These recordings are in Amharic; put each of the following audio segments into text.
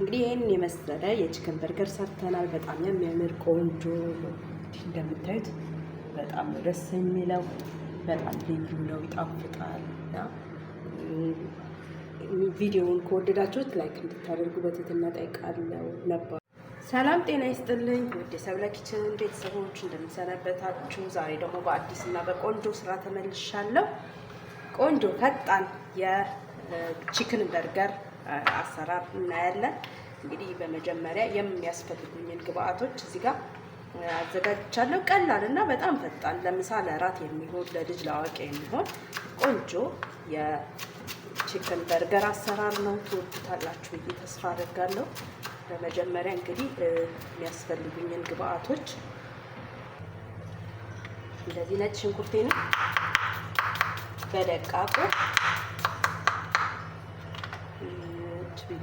እንግዲህ ይህን የመሰለ የችክን በርገር ሰርተናል። በጣም የሚያምር ቆንጆ እንደምታዩት በጣም ደስ የሚለው በጣም ልዩ ነው፣ ይጣፍጣል። እና ቪዲዮውን ከወደዳችሁት ላይክ እንድታደርጉ በትህትና እጠይቃለሁ። ነበር ሰላም ጤና ይስጥልኝ ውድ የሰብለ ኪችን ቤተሰቦች እንደምሰነበታችሁ። ዛሬ ደግሞ በአዲስ እና በቆንጆ ስራ ተመልሻለሁ። ቆንጆ ፈጣን የቺክን በርገር አሰራር እናያለን። እንግዲህ በመጀመሪያ የሚያስፈልጉኝን ግብአቶች እዚህ ጋር አዘጋጅቻለሁ። ቀላል እና በጣም ፈጣን ለምሳ ለራት የሚሆን ለልጅ ለአዋቂ የሚሆን ቆንጆ የቺክን በርገር አሰራር ነው። ትወዱታላችሁ ብዬ ተስፋ አደርጋለሁ። በመጀመሪያ እንግዲህ የሚያስፈልጉኝን ግብአቶች እንደዚህ ነጭ ሽንኩርቴንም በደቃቁ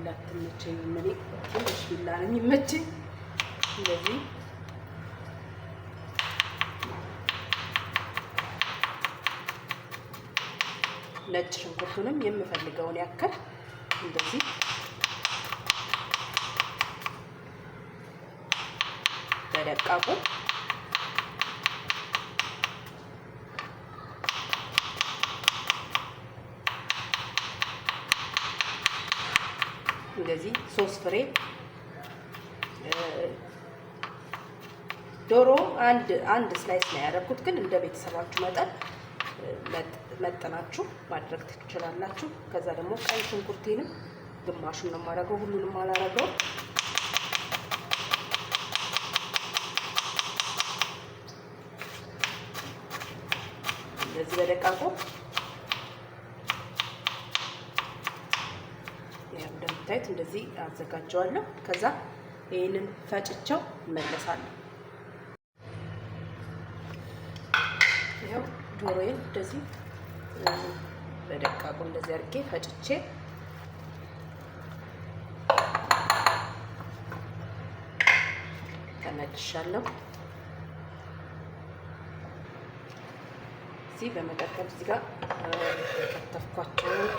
ቢላ ትመቸኝ። እኔ ትንሽ ቢላ ነኝ ይመቸኝ። እንደዚህ ነጭ ሽንኩርቱንም የምፈልገውን ያክል እንደዚህ በደቃቁ እንደዚህ ሶስት ፍሬ ዶሮ አንድ አንድ ስላይስ ነው ያደረኩት፣ ግን እንደ ቤተሰባችሁ መጠን መጠናችሁ ማድረግ ትችላላችሁ። ከዛ ደግሞ ቀይ ሽንኩርቴንም ግማሹን ነው የማደርገው፣ ሁሉንም አላደርገውም። እንደዚህ በደቃቁ እንደምታዩት እንደዚህ አዘጋጀዋለሁ። ከዛ ይህንን ፈጭቸው እመለሳለሁ። ይኸው ዶሮዬን እንደዚህ በደቃቁ እንደዚህ አድርጌ ፈጭቼ ተመልሻለሁ። እዚህ በመቀጠል እዚህ ጋር ከተፍኳቸውን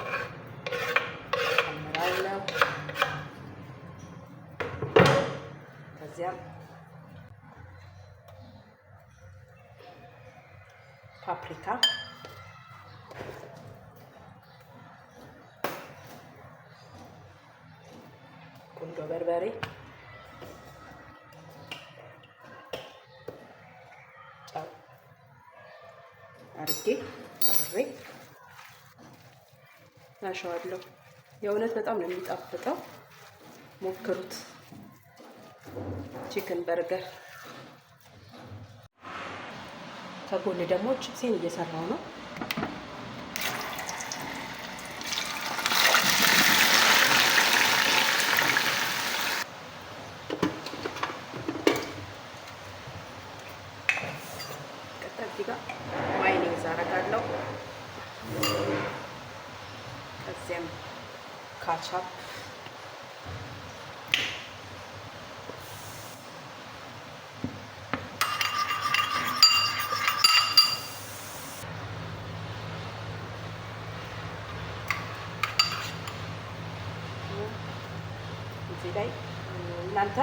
አደርጋለሁ። ከዚያም ፓፕሪካ ቁንዶ በርበሬ ጨው አርጌ አብሬ አሸዋለሁ። የእውነት በጣም ነው የሚጣፍጠው። ሞክሩት። ቺክን በርገር ከጎን ደግሞ ቺፕሴን እየሰራው ነው። ቀጠል ጋር ከዚያም kaçak. እዚህ ላይ እናንተ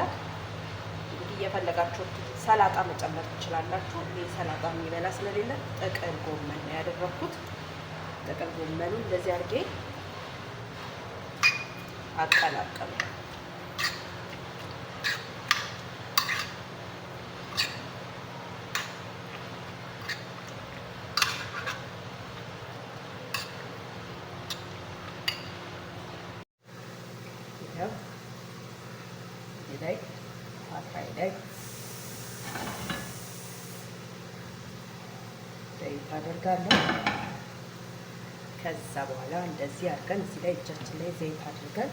እንግዲህ እየፈለጋችሁት ሰላጣ መጨመር ትችላላችሁ። ይህ ሰላጣ የሚበላ ስለሌለ ጥቅል ጎመን ያደረኩት ጥቅል ጎመኑ እንደዚህ አድርጌ አቀላቀሉ። ላይ አታይ ላይ ዘይት አደርጋለሁ። ከዛ በኋላ እንደዚህ አድርገን እዚህ ላይ እጃችን ላይ ዘይት አድርገን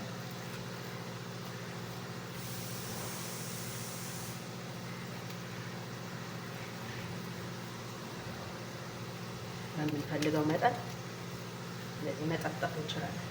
በምንፈልገው መጠን እንደዚህ መጠጠፍ እንችላለን።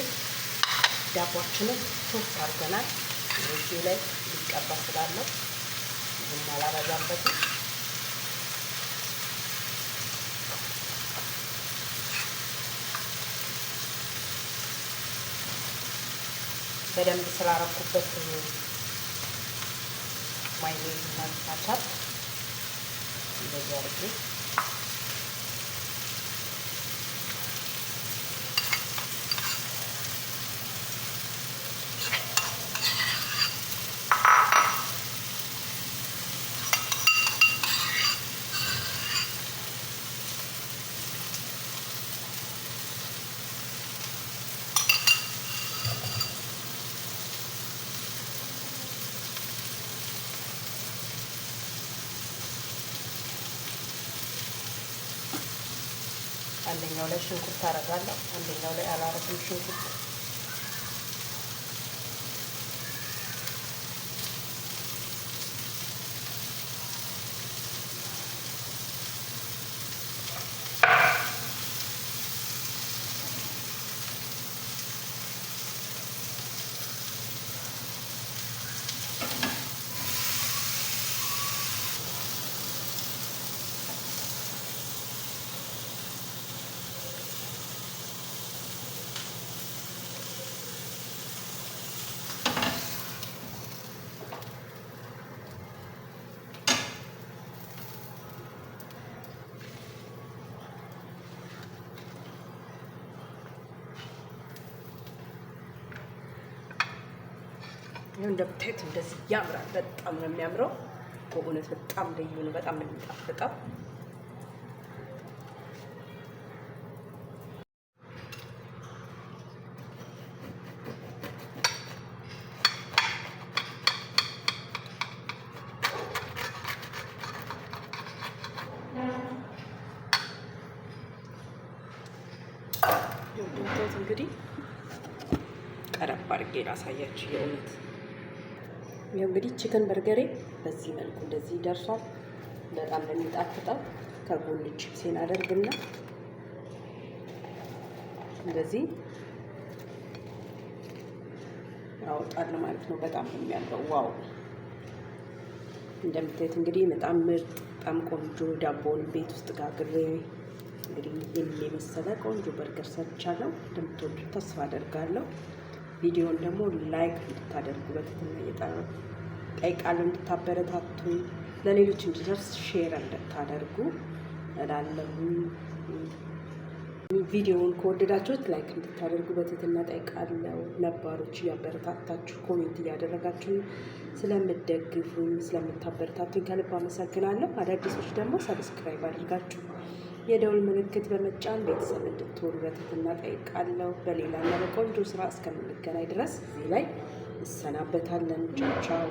ስለዚህ ዳቦችንም አድርገናል። ላይ ሊቀባ ስላለው ብዙም አላበዛበትም። በደንብ ስላረኩበት ማይኔዝ ማቻት እንደዚህ አድርጌ አንደኛው ላይ ሽንኩርት አረጋለሁ፣ አንደኛው ላይ አላረግም ሽንኩርት ይሁን እንደምታዩት እንደዚህ ያምራል። በጣም ነው የሚያምረው በእውነት በጣም ልዩ ነው። በጣም ነው የሚጣፍጠው። እንግዲህ ቀረብ አድርጌ ላሳያችሁ የእውነት ይኸው እንግዲህ ችክን በርገሬ በዚህ መልኩ እንደዚህ ደርሷል። በጣም ነው የሚጣፍጠው። ከጎን ቺፕሴን አደርግና እንደዚህ ያወጣል ማለት ነው። በጣም የሚያምረው። ዋው! እንደምታዩት እንግዲህ በጣም ምርጥ በጣም ቆንጆ ዳቦን ቤት ውስጥ ጋግሬ እንግዲህ ይህን የመሰለ ቆንጆ በርገር ሰርቻለሁ። እንደምትወዱት ተስፋ አደርጋለሁ። ቪዲዮን ደግሞ ላይክ እንድታደርጉ በትህትና እየጠራሁ እጠይቃለሁ። እንድታበረታቱ ለሌሎች እንዲደርስ ሼር እንድታደርጉ እላለሁ። ቪዲዮውን ከወደዳችሁት ላይክ እንድታደርጉ በትህትና እጠይቃለሁ። ነባሮች እያበረታታችሁ ኮሜንት እያደረጋችሁ ስለምደግፉኝ ስለምታበረታቱኝ ከልብ አመሰግናለሁ። አዳዲሶች ደግሞ ሰብስክራይብ አድርጋችሁ የደውል ምልክት በመጫን ቤተሰብ እንድትሆኑ በትህትና ጠይቃለሁ። በሌላና በቆንጆ ስራ እስከምንገናኝ ድረስ እዚህ ላይ እሰናበታለን። ቻው ቻው።